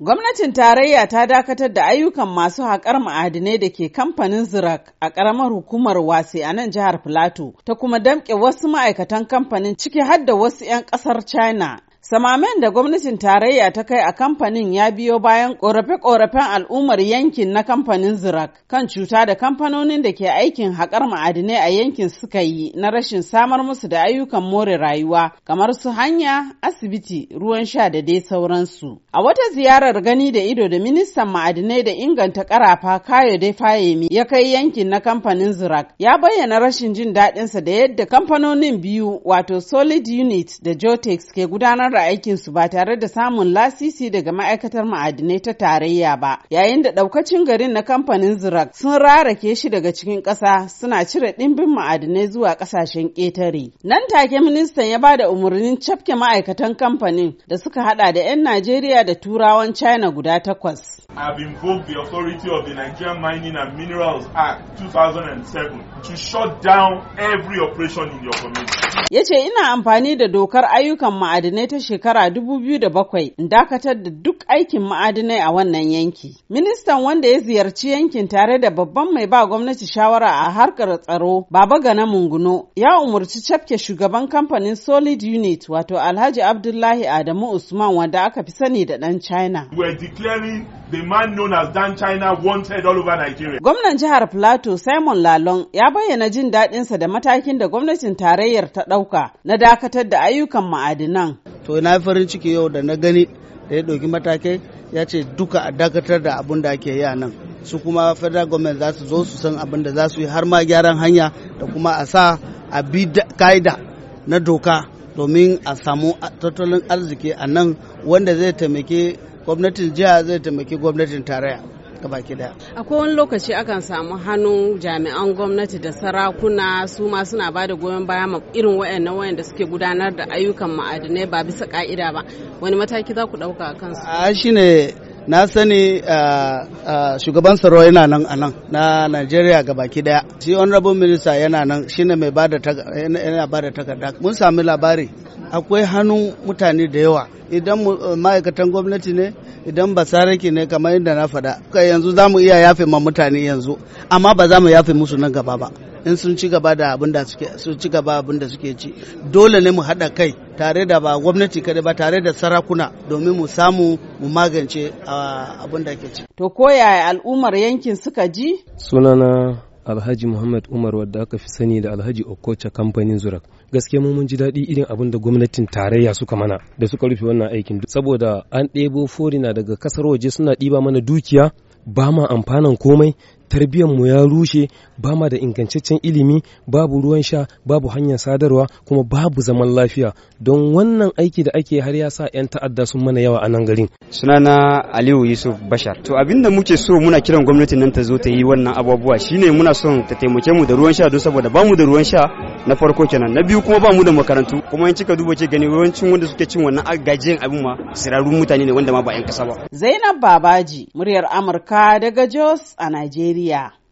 Gwamnatin tarayya ta dakatar da ayyukan masu haƙar ma'adinai da ke kamfanin Zirak a ƙaramar hukumar Wase a nan jihar Filato ta kuma damƙe wasu ma'aikatan kamfanin ciki har da wasu 'yan ƙasar China. Samamen da gwamnatin tarayya ta kai a kamfanin ya biyo bayan ƙorafe-ƙorafen al'ummar yankin na kamfanin Zirak kan cuta da kamfanonin da ke aikin haƙar ma'adinai a yankin suka yi na rashin samar musu da ayyukan more rayuwa kamar su hanya, asibiti, ruwan sha da dai sauransu. A wata ziyarar gani da ido da ministan ma'adinai da inganta ƙarafa Kayo dai Fayemi ya kai yankin na kamfanin Zirak ya bayyana rashin jin daɗinsa da yadda kamfanonin biyu wato Solid Unit da Jotex ke gudanar aikin aikinsu ba tare da samun lasisi daga ma'aikatar ma'adinai ta tarayya ba yayin da daukacin garin na kamfanin zirak sun rarake shi daga cikin ƙasa suna cire ɗimbin ma'adinai zuwa ƙasashen ketare nan take ministan ya ba da umarnin cafke ma'aikatan kamfanin da suka hada da 'yan najeriya da turawan china guda takwas invoked the authority of the Nigerian Ya ce ina amfani da dokar ayyukan ma'adinai ta shekara 2007 dakatar da duk aikin ma'adinai a wannan yanki. Ministan wanda ya ziyarci yankin tare da babban mai ba gwamnati shawara a harkar tsaro Baba Gana Munguno ya umurci cafke shugaban kamfanin Solid Unit wato Alhaji Abdullahi Adamu Usman wanda aka fi sani da ɗan China. We are declaring the man known as Dan China wanted all over Nigeria. Gwamnan jihar Plateau Simon Lalong ya bayyana jin daɗinsa da matakin da gwamnatin tarayyar ta ɗauka na dakatar da ayyukan ma'adinan. To na farin ciki yau da na gani da ya ɗauki matakai ya ce duka a dakatar da abun da ake yi a nan. Su kuma federal government za su zo su san abin da za su yi har ma gyaran hanya da kuma a sa a bi ka'ida na doka domin a samu tattalin arziki a nan wanda zai taimake gwamnatin jiha zai taimaki gwamnatin tarayya baki daya. Akwai wani lokaci akan samu hannu jami'an gwamnati da sarakuna su ma suna ba da goyon baya ma irin wayannan wayanda suke gudanar da ayyukan ma'adinai ba bisa ka'ida ba. Wani mataki za ku ɗauka a kansu? A shi ne na sani shugaban tsaro yana nan a nan na Najeriya ga daya. Shi honorable minister yana nan shine mai ba yana bada takarda. Mun sami labari akwai hannun mutane da yawa idan eh, ma'aikatan gwamnati ne idan basarake ne kamar yadda na faɗa yanzu za mu iya yafe ma mutane yanzu amma ba za mu yafe musu nan gaba ba in sun ci gaba da abin da suke sun ci gaba abin da suke ci dole ne mu haɗa kai tare da ba gwamnati kadai ba tare da sarakuna domin mu samu mu magance ah, abin da ke ci to koyaya al'ummar yankin suka ji sunana alhaji muhammad umar wadda aka fi sani da alhaji okocha kamfanin zurak gaskiya mu mun ji daɗi irin abin da gwamnatin tarayya suka mana da suka rufe wannan aikin saboda an ɗebo forina daga kasar waje suna ɗiba mana dukiya ba ma amfanan komai mu ya rushe ba ma da ingantaccen ilimi babu ruwan sha babu hanyar sadarwa kuma babu zaman lafiya don wannan aiki da ake har ya sa 'yan ta'adda sun mana yawa a nan garin sunana aliyu yusuf bashar to abin da muke so muna kiran gwamnatin nan ta zo ta yi wannan abubuwa shine muna son ta taimake mu da ruwan sha don saboda ba mu da ruwan sha na farko kenan na biyu kuma ba mu da makarantu kuma in cika duba ce gani yawancin wanda suke cin wannan gajiyan abin ma sirarun mutane ne wanda ma ba 'yan kasa ba Zainab Babaji muryar Amurka daga Jos a nigeria.